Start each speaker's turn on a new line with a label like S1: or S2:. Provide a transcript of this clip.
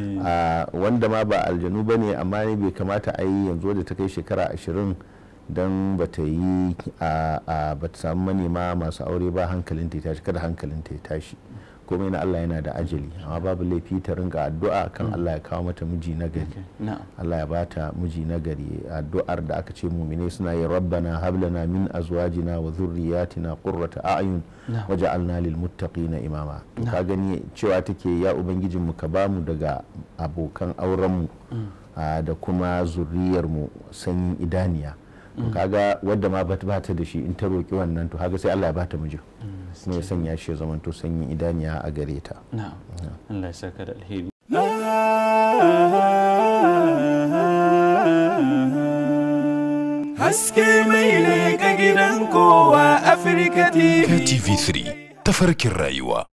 S1: Mm. Ah, wanda ma ba aljanu ba ne amma ne bai kamata a yi yanzu da ta kai shekara ashirin don ba ta yi a ba ta samu manema masu aure ba hankalin ta tashi kada hankalin ta tashi komai na Allah yana da ajali amma babu laifi ta ringa addu'a kan mm. Allah ya kawo mata miji nagari Allah ya bata miji nagari addu'ar da aka ce mumine suna yi rabbana hablana min azwajina wa zurriyatina qurrata a'yun waj'alna lil muttaqina imama ka gani cewa take ya ubangijin mu ka bamu daga abokan auren mu mm. da kuma zuriyar mu sanyin idaniya to kaga wadda ma ba ta da shi in ta roƙi wannan to haka sai Allah ya bata mijin ne mm, ya sanya shi ya zamanto sanyin idaniya a gare ta haske mai ne ga gidan kowa Afirka TV. 3 tafarkin rayuwa.